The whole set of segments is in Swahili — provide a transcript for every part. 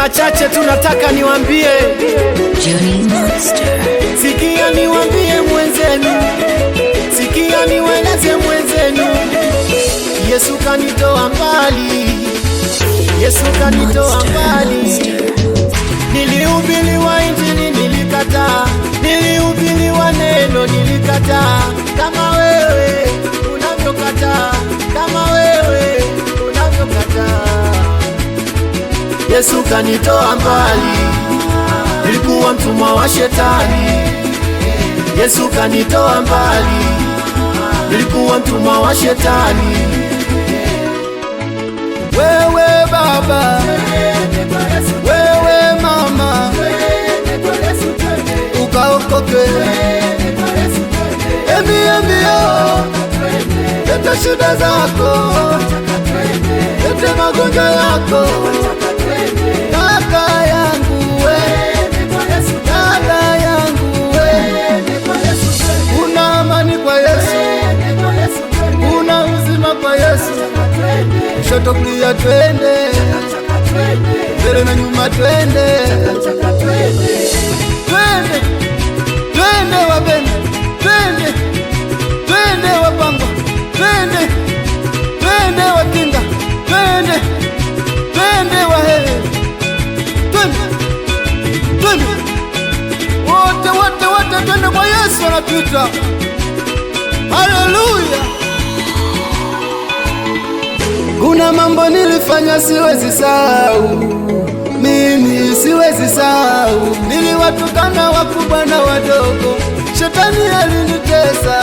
machache tunataka niwambie, sikia niwambie mwenzenu, sikia niweleze mwenzenu, Yesu kanitoa mbali, Yesu kanitoa mbali. niliubiliwa injini nilikataa, niliubiliwa neno nilikataa Yesu kanitoa mbali, nilikuwa mtumwa wa shetani. Yesu kanitoa mbali, nilikuwa mtumwa wa shetani. Wewe baba, wewe mama, ukaokoke emiembio, oh. lete shida zako, lete magonjwa yako kushoto kulia, twende mbele na nyuma, twende twende twende, wabende twende twende, wapangwa twende twende, wakinga twende twende, wahehe twende twende, wote wote wote, twende kwa Yesu anatuita. Haleluya! mambo nilifanya siwezi sahau, mimi siwezi sahau. Niliwatukana wakubwa na wadogo, shetani alinitesa.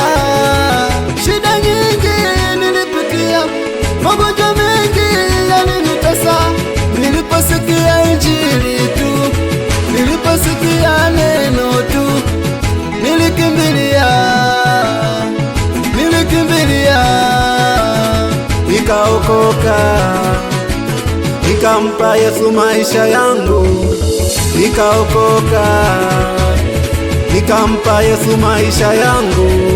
Shida nyingi nilipitia, magonjwa mengi yalini nilitoka, nikampa Yesu maisha yangu, nikaokoka, nikampa Yesu maisha yangu.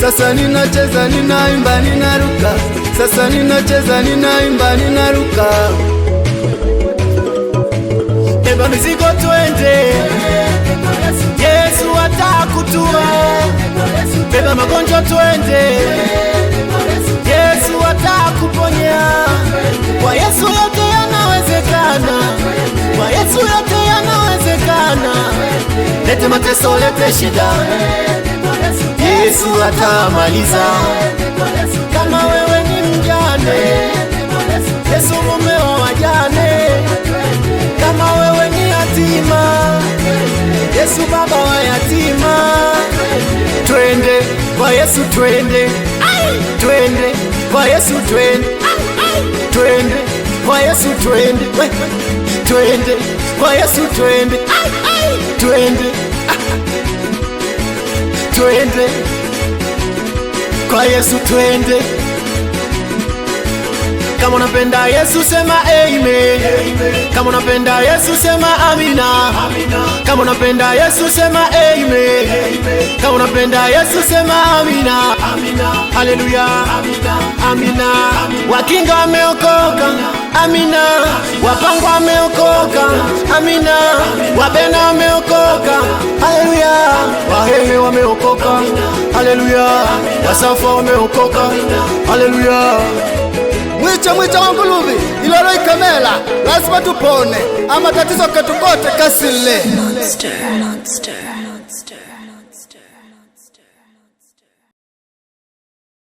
Sasa ninacheza, ninaimba, ninaruka, sasa ninacheza, ninaimba, ninaruka. Beba mizigo twende, Yesu atakutua. Beba magonjwa twende Lete mateso, lete shida, Yesu atamaliza. Kama wewe ni mjane, Yesu mume wa wajane. Kama wewe ni yatima, Yesu baba wa yatima. Twende kwa Yesu, twende, twende kwa Yesu, twende, twende kwa Yesu, twende, twende kwa Yesu, twende, twende twende kwa Yesu twende, kama unapenda Yesu sema amen. Kama unapenda Yesu sema amina. Kama unapenda Yesu sema amen. Kama unapenda Yesu sema amina. Haleluya, amina. Wakinga wameokoka, amina. Wapangwa wameokoka Wabena wameokoka, haleluya. Wahehe wameokoka, haleluya. Wasafa wameokoka, haleluya. Mwicha mwicha wa nguluvi ilolo ikamela, lazima tupone ama tatizo katukote kasile Monster. Monster. Monster.